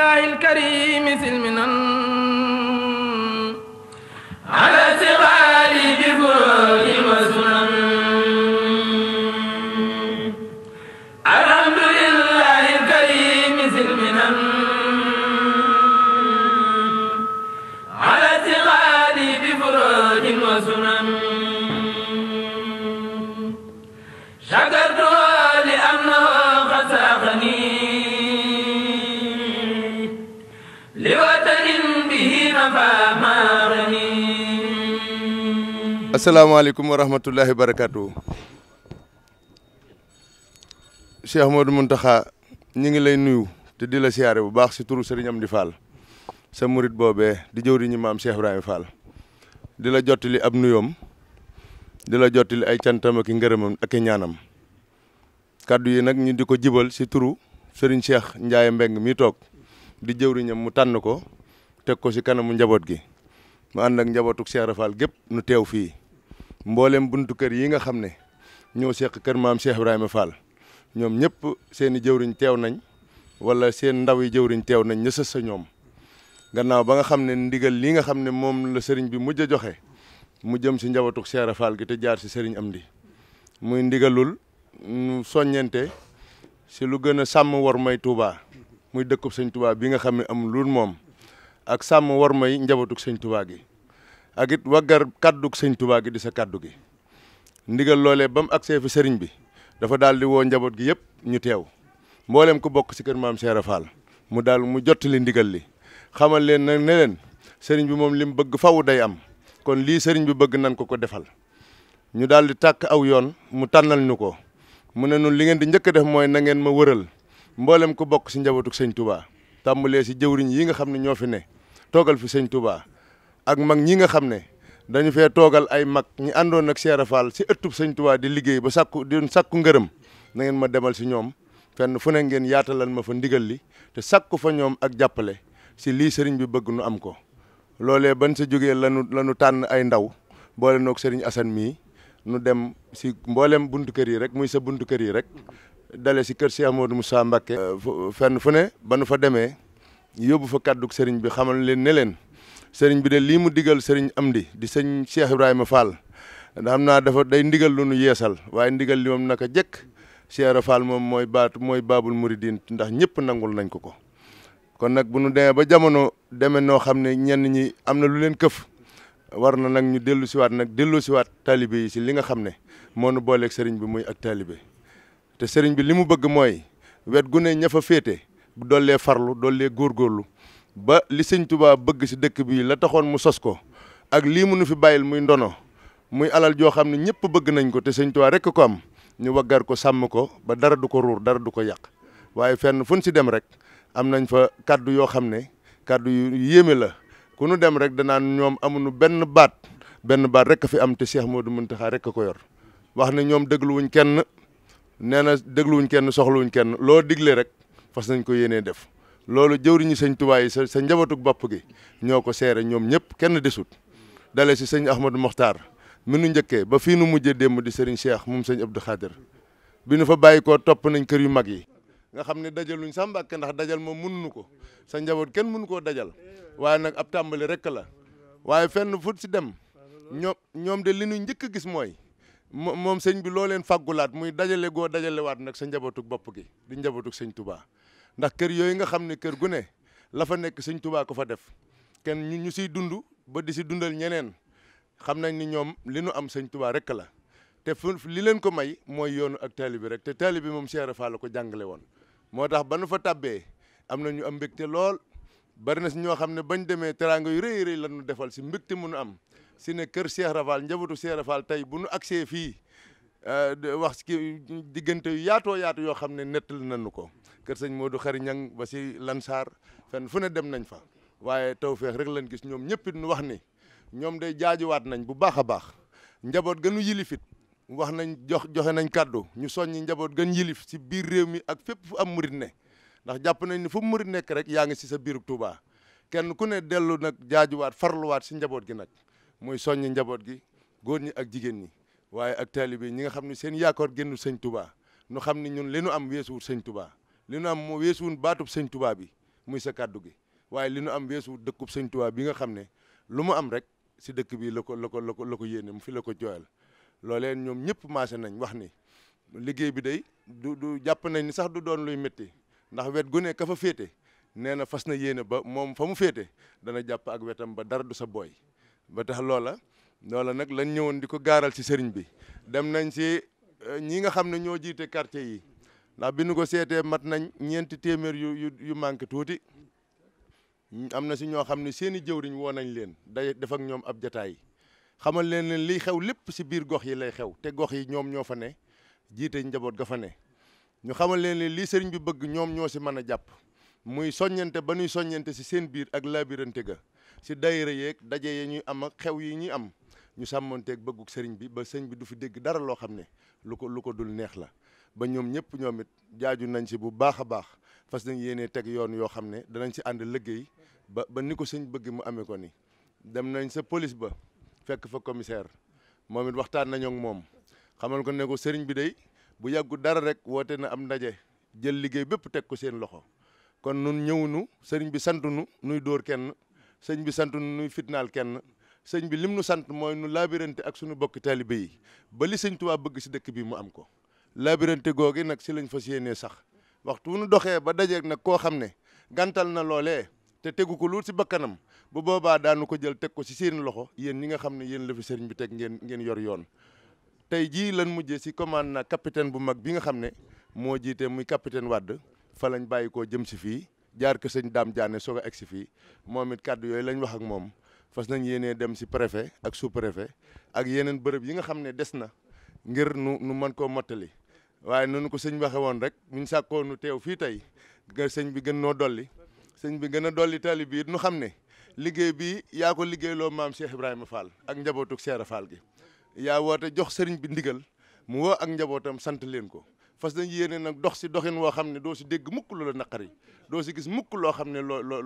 الله الكريم سلمنا على asalaamaaleykum wa rahmatullahi wa barakaatu. Cheikh Modou Mountakha ñu ngi lay nuyu te di la siyaare bu baax si turu Serigne Amdi Fall sa murit boobee di jëwriñu maam Cheikh Ibrahima di la jottali ab nuyoom di la jottali ay cantam ak i ak ñaanam kaddu yi nag ñu di ko jibal si turu Serigne Cheikh Ndiaye Mbeng mi toog di jëwriñam mu tànn ko teg ko si kanamu njaboot gi mu ànd ak njabootuk Cheikh Rafal gépp nu teew fii mboolem buntu kër yi nga xam ne ñëw seq kër maam Cheikh Ibrahima Fall ñoom ñëpp seeni jëwriñ teew nañ wala seen ndaw yi jëwriñ teew nañ ña sa ñoom gannaaw ba nga xam ne ndigal li nga xam ne moom la sëriñ bi mujj a joxe mu jëm si njabootu Cheikh Fall gi te jaar si sëriñ Amdi muy ndigalul nu soññente si lu gën a sàmm war may Touba muy dëkku sëñ Touba bi nga xam ne amul lu moom ak sàmm war may njabootu sëñ Touba gi. ak it waggar kàddug sëñ Tuubaa gi di sa kàddu gi ndigal loole ba mu agsee fi sëriñ bi dafa daal di woo njaboot gi yëpp ñu teew mboolem ku bokk si kër maam Cheikh Fall mu daal mu jottali ndigal li xamal leen nag ne leen sëriñ bi moom li mu bëgg faw day am kon lii sëriñ bi bëgg nan ko ko defal ñu daal di tàkk aw yoon mu tànnal ñu ko mu ne nun li ngeen di njëkk def mooy na ngeen ma wëral mboolem ku bokk si njabootu sëñ Tuubaa tàmbalee si jëwriñ yi nga xam ne ñoo fi ne toogal fi sëñ ak mag ñi nga xam ne dañu fee toogal ay mag ñi àndoon ak Cheikh Fall si ëttub Sëñ Tuubaa di liggéey ba sàkku di sàkku ngërëm na ngeen ma demal si ñoom fenn fu ne ngeen yaatalal ma fa ndigal li te sàkku fa ñoom ak jàppale si lii sëriñ bi bëgg nu am ko loolee ban sa jógee lanu lanu tànn ay ndaw boole noog sëriñ Assane mii nu dem si mboolem buntu kër yi rek muy sa buntu kër yi rek dale si kër Cheikh Amadou Moussa Mbacké fenn fu ne ba nu fa demee yóbbu fa kàddug sëriñ bi xamal leen ne leen sëriñ bi de lii mu digal sëriñ am di di sëñ Cheikh Ibrahima Fall xam naa dafa day ndigal lu nu yeesal waaye ndigal li moom naka jëkk Cheikh Ibrahima moom mooy baat mooy baabul muridin ndax ñëpp nangul nañ ko ko kon nag bu nu demee ba jamono demee noo xam ne ñenn ñi am na lu leen këf war na nag ñu dellu siwaat nag dellu siwaat taalibe yi si li nga xam ne moo nu booleeg sëriñ bi muy ak taalibe te sëriñ bi li mu bëgg mooy wet gu ne ña fa féete bu dollee farlu dollee góorgóorlu ba li sëñ Touba bëgg si dëkk bi la taxoon mu sos ko ak lii mu nu fi bàyyil muy ndono muy alal joo xam ne ñëpp bëgg nañ ko te sëñ Touba rek ko am ñu waggar ko sàmm ko ba dara du ko ruur dara du ko yàq waaye fenn fu ñu si dem rek am nañ fa kàddu yoo xam ne kàddu yu yéeme la ku nu dem rek danaan ñoom nu benn baat benn baat rek a fi am te Cheikh Modou Mountakha rek a ko yor wax ne ñoom dégluwuñ kenn nee na dégluwuñ kenn soxluwuñ kenn loo digle rek fas nañ ko yéenee def. loolu jëwriñu sëñ Tuubaa yi sa sa bopp gi ñoo ko seere ñoom ñëpp kenn desut dale si sëñ Ahmadou Mokhtar mi nu njëkkee ba fii nu mujjee démb di sëriñ Cheikh moom sëñ Abdou Khadir bi nu fa bàyyi koo topp nañ kër yu mag yi nga xam ne dajaluñ sa kenn ndax dajal moom mënuñu ko sa njaboot kenn mënu koo dajal waaye nag ab tàmbali rek la waaye fenn fu si dem ñoom ñoom de li nu njëkk gis mooy moom sëñ bi loo leen faggulaat muy dajale goo dajalewaat nag sa njabootug bopp gi di njabootug sëñ Tuubaa ndax kër yooyu nga xam ne kër gu ne la fa nekk sëñ tubaa ko fa def kenn ñu ñu siy dund ba di si dundal ñeneen xam nañ ni ñoom li nu am sëñ tubaa rek la te fu li leen ko may mooy yoonu ak taali bi rek te taali bi moom Cheikh Fall la ko jàngale woon moo tax ba nu fa tàbbee am na ñu am te lool bari na si ñoo xam ne bañ demee teraanga yu rëy rëy la ñu defal si mbégte mu nu am si ne kër Cheikh Fall njabootu Cheikh Fall tey bu nu agsee fii euh, wax ki diggante yaatoo yaatu yoo xam ne nettali nañu ko kër sëñ Modou Khary Niang ba si Lansar fenn fu ne dem nañ fa waaye tew feex rek lan gis ñoom ñëpp it wax ni ñoom day jaajuwaat nañ bu baax a baax njaboot gënu yilifit wax nañ jox joxe nañ kàddu ñu soññi njaboot ga yilif si biir réew mi ak fépp fu am murit ne ndax jàpp nañ ni fu murit nekk rek yaa ngi si sa biirub Touba kenn ku ne dellu nag jaajuwaat farluwaat si njaboot gi nag muy soññi njaboot gi góor ñi ak jigéen ñi waaye ak taalibe ñi nga xam ne seen yaakaar génnu sëñ Touba ñu xam ne ñun li nu am weesuwul sëñ tubaa li nu am weesuwun baatub sëñ tubaa bi muy sa kàddu gi waaye li nu am weesu dëkkub sëñ tubaa bi nga xam ne lu mu am rek si dëkk bi la ko la ko la ko la ko yéene mu fi la ko jooyal loolee ñoom ñëpp maase nañ wax ni liggéey bi day du du jàpp nañ sax du doon luy métti ndax wet gu ne ka fa féete nee na fas na yéene ba moom fa mu féete dana jàpp ak wetam ba dara du sa booy ba tax loola loola nag lañ ñëwoon di ko gaaral si sëriñ bi dem nañ si eh, ñi nga xam ne ñoo jiite quartier yi ndax bi nu ko seetee mat nañ ñeenti téeméer yu yu yu manqué tuuti am na si ñoo xam ne seeni i jëwriñ woo nañ leen day def ak ñoom ab jataay xamal leen lii xew lépp si biir gox yi lay xew te gox yi ñoom ñoo fa ne jiite njaboot ga fa ne ñu xamal leen leen lii sëriñ bi bëgg ñoom ñoo si mën a jàpp muy soññante ba ñuy soññante si seen biir ak labirante ga si daayira yeeg daje yi ñuy am ak xew yi ñuy am ñu sàmmonteeg bëgguk sëriñ bi ba sëñ bi du fi dégg dara loo xam ne lu ko lu ko dul neex la ba ñoom ñëpp ñoom it jaaju nañ si bu baax a baax fas nañ yéenee teg yoon yoo xam ne danañ si ànd liggéey ba ba ni ko sëñ bëgg mu amee ko ni dem nañ sa police ba fekk fa commissaire moom it waxtaan nañoo moom xamal ko ne ko sëriñ bi day bu yàggu dara rek woote na am ndaje jël liggéey bépp teg ko seen loxo kon nun ñëwunu sëriñ bi santunu nuy dóor kenn sëñ bi sant nu nuy fitnaal kenn sëñ bi lim nu sant mooy nu laabirante ak suñu bokki taalibe yi ba li sëñ Tuubaa bëgg ci dëkk bi mu am ko labyrinthe googi nag si lañ fas yéenee sax waxtu nu doxee ba dajeeg nag koo xam ne gantal na loolee te tegu ko luul si bakkanam bu boobaa daanu ko jël teg ko si seen loxo yéen ñi nga xam ne yéen la fi bi teg ngeen ngeen yor yoon tey jii lan mujjee si commande na capitaine bu mag bi nga xam ne moo jiite muy capitaine Wade fa lañ bàyyi koo jëm si fii jaar ko sëñ Dame Diané soog a si fii moom it kàddu yooyu lañ wax ak moom fas nañ yéenee dem si préfet ak sous ak yeneen bërëb yi nga xam ne des na ngir nu nu mën koo mottali waaye noonu ko sëñ waxe woon rek mu muñ sàkkoonu teew fii tey sëñ bi gën noo dolli sëñ bi gën a dolli tali bi it nu xam ne liggéey bi yaa ko liggéey loo maam Cheikh Ibrahima faal ak njabootuk Cheikh Fall gi yaa woote jox sëriñ bi ndigal mu woo ak njabootam sant leen ko fas dañu yéene nag dox si doxin woo xam ne doo si dégg mukk lu la naqari doo si gis mukk loo xam ne loo loo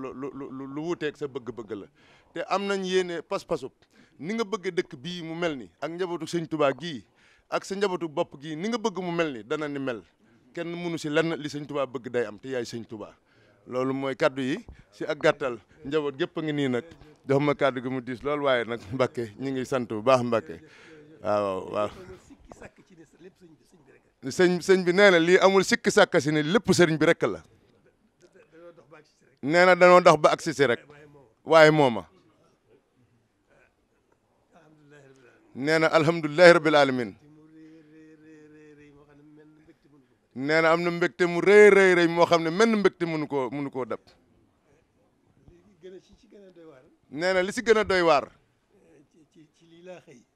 lu wuuteeg sa bëgg-bëgg la te am nañ yéene pas-pasub ni nga bëgg dëkk bii mu mel ni ak njabootu sëñ Tuubaa gii ak sa njabootu bopp gi ni nga bëgg mu mel ni dana ni mel kenn mënu si lenn li sëñ tubaa bëgg day am te yaay sëñ tubaa loolu mooy kàddu yi si ak gàttal njaboot gépp a ngi nii nag jox ma kàddu gi mu diis lool waaye nag Mbàkke ñu ngi sant bu baax Mbàkke waaw waaw sëñ bi nee na lii amul sikki sàkk si ne lépp sëriñ bi rek la nee na danoo dox ba agsi si rek waaye mooma nee na alhamdulilahi rabbil alamin nee na am na mbégte mu rëy rëy moo xam ne menn mbégte mënu koo mënu koo dab nee na li si gën a doy waar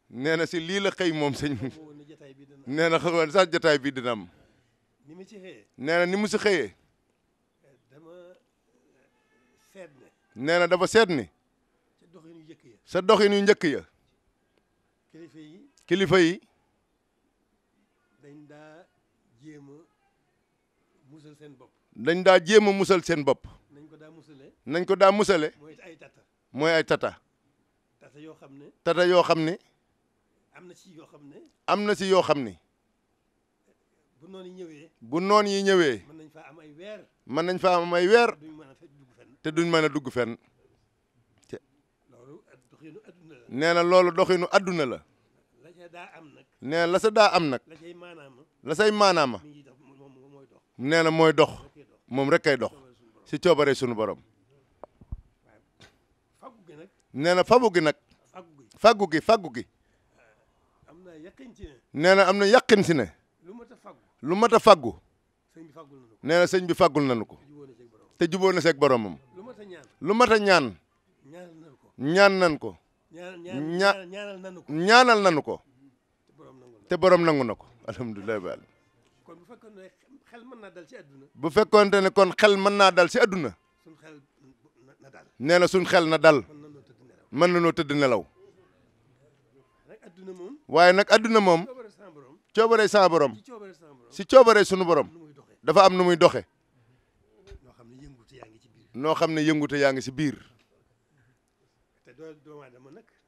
nee na si lii la xëy moom sëñ nee na xamoon sax jataay bi dina am nee na ni mu si xëyee nee na dafa seet ni sa doxin yu njëkk ya kilifa yi dañ daa jéem a musal seen bopp. nañ ko daa musale nañ ko daa musale mooy ay tata. mooy tata. tata yoo xam ne. tata yoo xam ne. am na ci yoo xam ne. am na ci yoo xam ne. bu noon yi ñëwee. bu noon yi ñëwee. mën nañ faa am ay weer. mën nañ faa am ay weer. duñ mën a dugg fenn. te duñ mën a dugg fenn. loolu doxinu adduna la. na loolu doxinu adduna la. la ca daa am nag. nee na la daa am nag. la say maanaama. la say maanaama. nee na mooy dox. moom rek kay dox si coobare sunu borom nee na fagu gi nag faggu gi faggu gi nee na am na yàqin si ne lu mat a faggu nee na sëñ bi faggul nañu ko te jubóo na seeg boromam lu mat a ñaan ñaan nan ko ñaa ñaanal nanu ko te borom nangu na ko alhamdulilah baal xel mën naa dal ci àdduna. bu fekkoonte ne kon xel mën naa dal si àdduna. nee na suñ xel na dal. mën na noo tëdd nelaw. waaye nag àdduna moom. coobare sa borom. si coobare sunu borom. dafa am nu muy doxe noo xam ne yëngute yaa ngi si biir.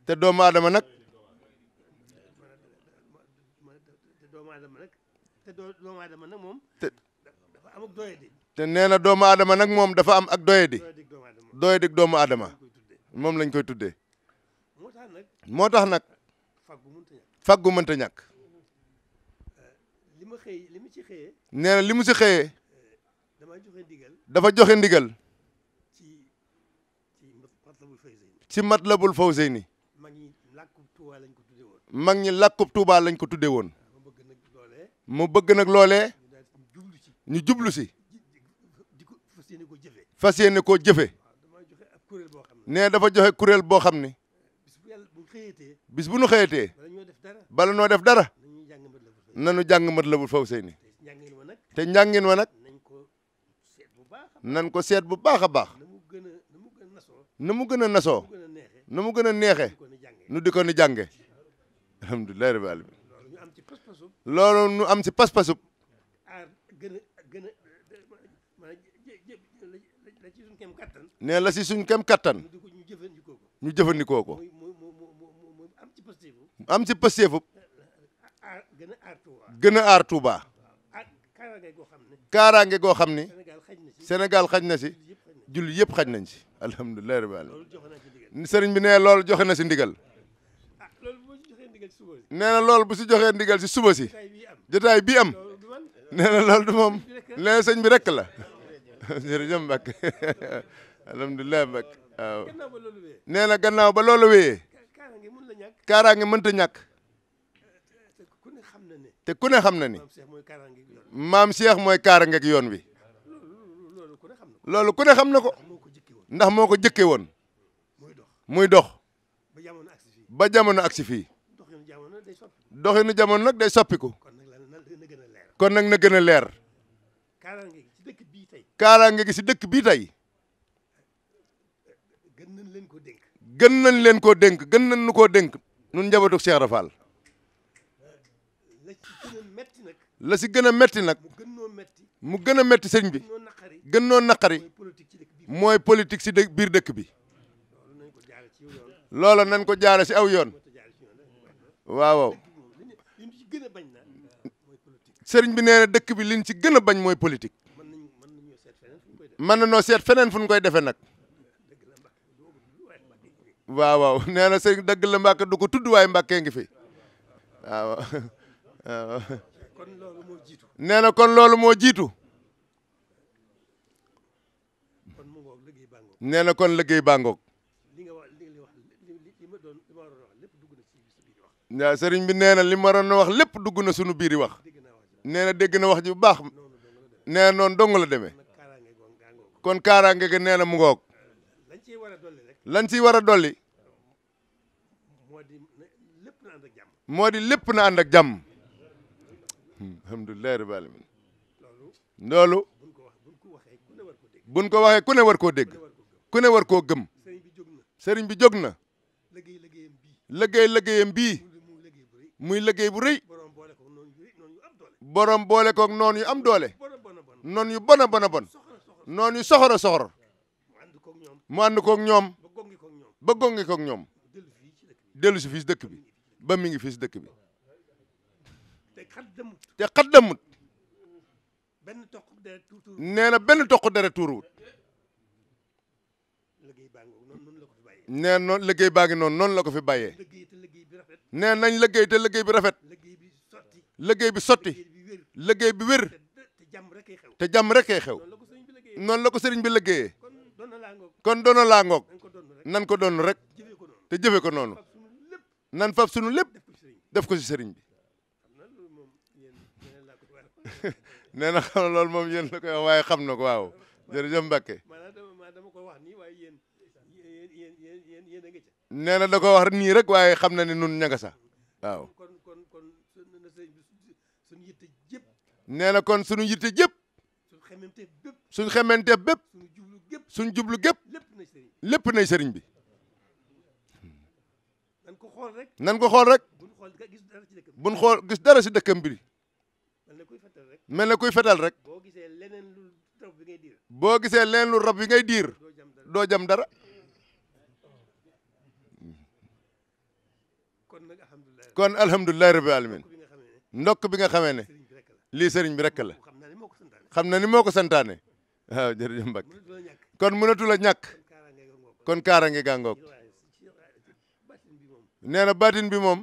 te doomu aadama nag. te doomu aadama nag moom. dafa am te nee na doomu aadama nag moom dafa am ak doyadi. doyadi doomu aadama moom lañ koy tuddee. moo tax nag moo tax nag. faggu mënta ñàkk. Eh, li ma xëy li ci xëyee. nee li mu ci xëyee. Eh, dafa joxe ndigal. dafa joxe ndigal. ci ci matlabul fawzeyni. mag ñi làkkub Tuuba lañ ko tuddee woon. mag ñi làkkub Tuuba lañ ko tuddee woon. mu bëgg nag loolee ñu jublu si fas yéene koo jëfe nee dafa joxe kuréel boo xam ni bis bu nu xëyatee bala noo def dara nanu jàng Matlabul Fawzayni te njàngin wa nag nan ko seet bu baax a baax na mu gën a nasoo na mu gën a neexe nu di ko ni jànge alhamdulilahi rabbil alamin loolu nu am si pas-pasub nee la si suñ kem kattan ñu jëfandikoo ko am si pasteefub gën a aar Touba kaaraange goo xam ne Sénégal xaj na si julli yëpp xaj nañ si alhamdulilah rabbil alamin sëriñ bi ne loolu joxe na si ndigal nee na loolu bu si joxee ndigal si suba si jotaay bii am nee na du moom nee na bi rek la jërëjëf Mbacke alhamdulilah nee na gannaaw ba loolu wéyee kaaraange mënta ñàkk te ku ne xam na ni maam Cheikh mooy kaaraange ak yoon wi loolu ku ne xam na ko ndax moo ko jëkke woon muy dox ba jamono aksi fii doxinu jamono nag day soppiku. kon nag na gën a leer. kon nag na gën a leer. kaaraange gi si dëkk bii tey. kaaraange gi si dëkk bii tey. gën nañ leen koo dénk. gën nañ leen koo dénk gën nañ nu koo dénk nun njabootu Cheikh Ibra la si gën metti nag. la si gën a metti nag. mu gën metti. mu gën a metti sëñ bi. gën noo naqari. mooy politique si biir dëkk bi. loolu nañ ko jaare si aw yoon. waaw sëriñ bi nee dëkk bi liñ ci gën a bañ mooy politique mën na noo seet feneen fu ñu koy defee nag waaw waaw nee na sëriñ dëgg la Mbàkke du ko tudd waaye Mbàkke ngi fi waaw waaw nee na kon loolu moo jiitu nee na kon liggéey bàngoog waaw sëriñ bi nee na li ma doon wax lépp dugg na sunu biir yi wax nee na dégg na wax ji bu baax nee na noonu dong la demee kon kaaraange ga nee na mu ngoog lañ ciy war a dolli moo di lépp na ànd ak jàmm alhamdulilah rabbil alamin loolu buñ ko waxee ku war koo dégg ku war koo gëm sëriñ bi jóg na liggéey liggéeyam bii muy liggéey bu rëy borom boole koog noonu yu am doole noonu yu bon a bon a bon noonu yu soxor a soxor mu ànd koog ñoom ba gongi koog ñoom dellu si fii si dëkk bi ba mi ngi fii si dëkk bi te xat damut nee na benn toq deret tuuruwut nee noonu liggéey baa ngi noonu noonu la ko fi bàyyee nee nañ liggéey te liggéey bi rafet liggéey bi sotti liggéey bi wér te jàmm rek ay xew noonu la ko sëriñ bi liggéeyee kon doona laa ngoog nan ko doon rek te jëfe ko noonu nan fab sunu lépp def ko si sëriñ bi nee na xam loolu moom yéen la koy waaye xam na ko waaw jërëjëf Mbacke. nee na da ko wax nii rek waaye xam na ne nun ña nga sax waaw nee na kon suñu yitte jëpp suñ xemente bépp suñ jublu gépp lépp nay sëriñ bi nan ko xool rek nan ko xool rek buñ xool gis dara si dëkkam bi mel na kuy fetal rek boo gisee leneen lu rab bi ngay diir doo jam dara kon alhamdulilah rabbil alamin ndokk bi nga xamee ne lii sëriñ bi rek la xam na ni moo ko santaane waaw jërëjëf kon mënatu la ñàkk kon kaaraange gàngoog nee na baatin bi moom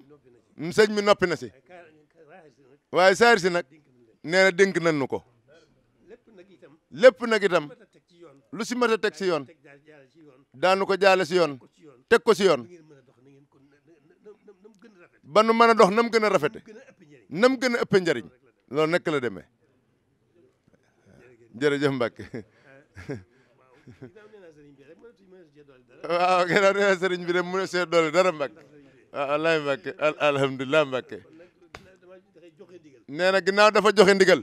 sëñ mi noppi na si waaye saar si nag nee na dénk nu ko lépp nag itam lu si mat teg si yoon daanu ko jaale si yoon teg ko si yoon ba nu a dox nam gën a rafete nam gën a ëpp njariñ loolu nekk la demee jërëjëf Mbacke waaw ginnaaw nee naa bi de mu ne see doole dara Mbacke waaw wallaahi Mbacke alhamdulilah Mbacke nee na ginnaaw dafa joxe ndigal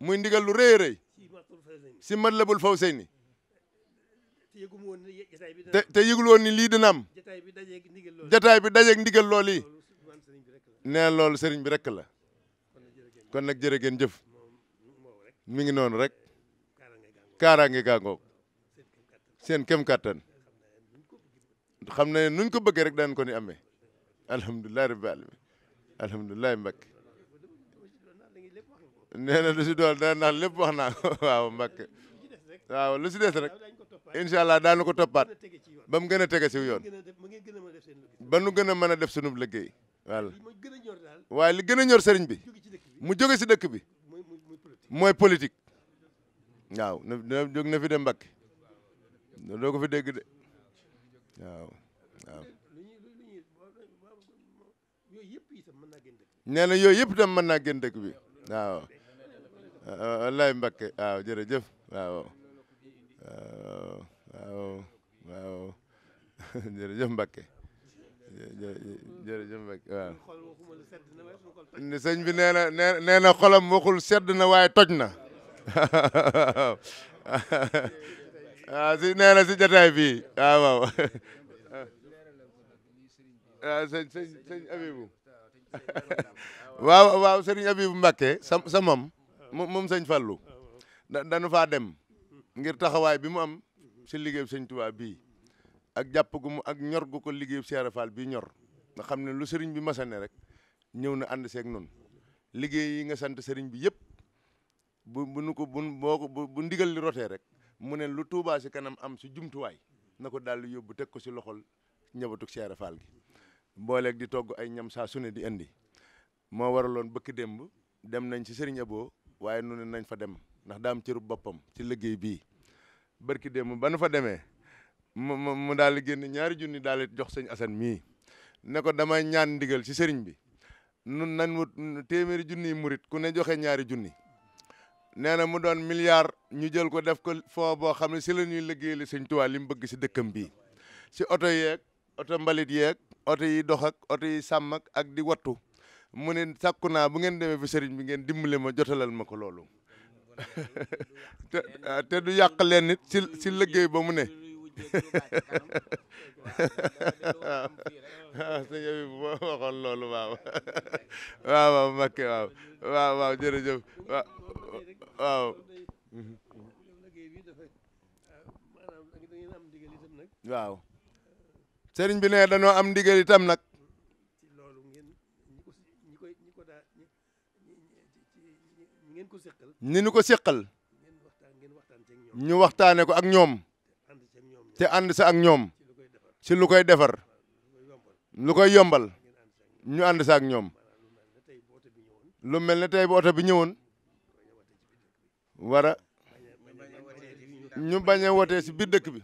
muy ndigal lu rëy a rëy si Matlabul Fawzayni te te yëgul ni lii dina jataay bi dajeeg ndigal loolu bi dajeeg ndigal loolu yi nee loolu sëriñ bi rek la kon nag jërë ngeen jëf mi ngi noonu rek kaaraange gàngoog seen kem kàttan xam ne nuñ ko bëggee rek daan ko ni amee alhamdulilahi rabbi alamin alhamdulilahi Mbacke nee na lu si dool daan naan lépp wax naa ko waaw Mbacke waaw lu rek incha allah daanu ko toppaat ba mu gën a tege ci yoon ba nu gën a mën a def sunu liggéey voilà waaye li gën a ñor sëriñ bi mu jóge ci dëkk bi mooy politique waaw na jóg na fi dem Mbàkke na ko fi dégg de waaw waaw nee na yooyu yëpp itam man naa génn dëkk bi waaw wallaay Mbàkke waaw jërëjëf waaw waaw waaw waaw jërëjëf Mbacke jërëjëf Mbacke waaw sëñ bi nee nee na xolam waxul sedd na waaye toj na waaw ah, si nee na si ah, sëñ sëñ faa dem ngir taxawaay bi mu am si liggéey sëñ Tuubaa bii ak jàpp gu mu ak ñor gu ko liggéey Seera Faal bii ñor nga xam ne lu sëriñ bi masane rek ñëw na ànd seek nun liggéey yi nga sant sëriñ bi yëpp bu bu nu ko bu boo ko bu ndigal li rotee rek mu ne lu Tuubaa si kanam am si jumtuwaay na ko daal yóbbu teg ko si loxol ñabatug Seera Faal gi booleeg di togg ay ñam saa su ne di indi moo waraloon bëkk démb dem nañ si sëriñ Abo waaye nu ne nañ fa dem ndax daam cërub boppam ci liggéey bii barki démb ba nu fa demee mu mu mu daal di génn ñaari junni daal di jox sëñ Assane mii ne ko damay ñaan ndigal si sëriñ bi nun nan wut téeméeri junni murit ku ne joxe ñaari junni nee na mu doon milliard ñu jël ko def ko foo boo xam ne si la ñuy liggéeyal sëñ Tuubaa li mu bëgg si dëkkam bii si oto yeeg oto mbalit yeeg oto yi dox ak oto yi sàmm ak di wattu mu ne sàkku naa bu ngeen demee fu sëriñ bi ngeen dimbale ma jotalal ma ko loolu te ah, te du yàq leen nit si si liggéey ba mu ne waaw ah, sëñ bi boo waxoon loolu waaw waaw waaw waaw waaw bi ne dañoo am ndigal itam nag ni nu ko séqal ñu waxtaane ko ak ñoom te ànd sa ak ñoom ci lu koy defar lu koy yombal ñu ànd sa ak ñoom lu mel ne tey bu oto bi ñëwoon war a ñu bañ a wotee si biir dëkk bi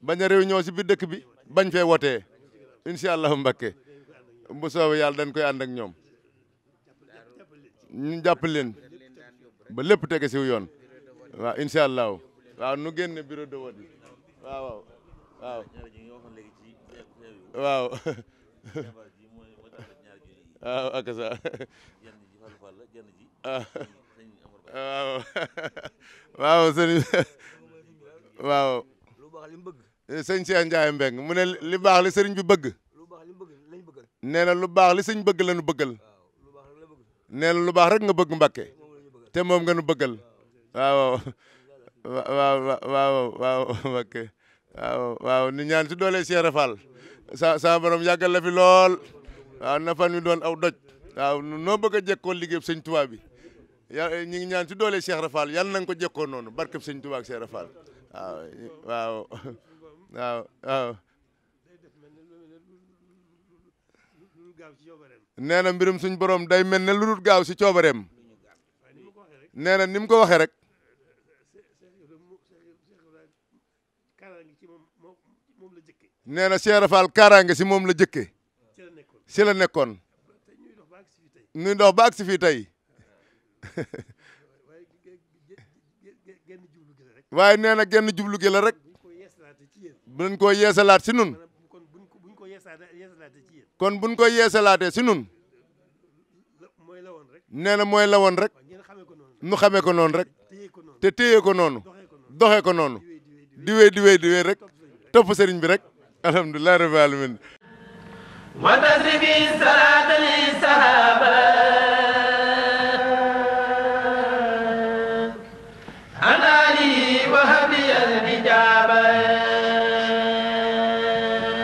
bañ a réunion si biir dëkk bi bañ fee wotee incha allahu mbakke bu soobee yàlla dañ koy ànd ak ñoom ñu jàpp leen ba lépp tege siw yoon waaw incha allahu waaw nu génne bureau de vote bi waaw waaw waaw waaw ak sa waaw waaw sëñ waaw sëñ Cheikh Ndiaye mu ne li baax li sëriñ bi bëgg nee na lu baax li sëñ bëgg lañu bëggal nee na lu baax rek nga bëgg Mbàkke te moom nga nu bëggal waaw waaw waaw waaw ok ñaan si doole Cheikh Fall sa sa borom yàggal la lool waaw na fan mi doon aw doj waaw noo bëgg a jekkoo liggéey sëñ Tuubaa bi ya ñu ñaan si doole Cheikh Fall yàlla na ko jekkoo noonu barkeb sëñ Tuubaa ak Cheikh Fall waaw waaw waaw nee na mbirum suñ borom day mel ne lu dul gaaw si coobareem nee na ni mu ko waxee rek. nee na Cheikh Rafal kaaraange si moom la jëkke si la nekkoon. ñuy dox ba si fii tey. waaye nee na genn jublu gi la rek. buñ ko yeesalaat si nun kon buñ ko yeesalaatee si nun nee na la woon rek. nu xamee ko noonu rek te téye ko noonu doxee ko noonu diwee diwee diwee rek topp sëriñ bi rek alhamdulilah rabbil alamin wa tasrifi salaatan li sahaba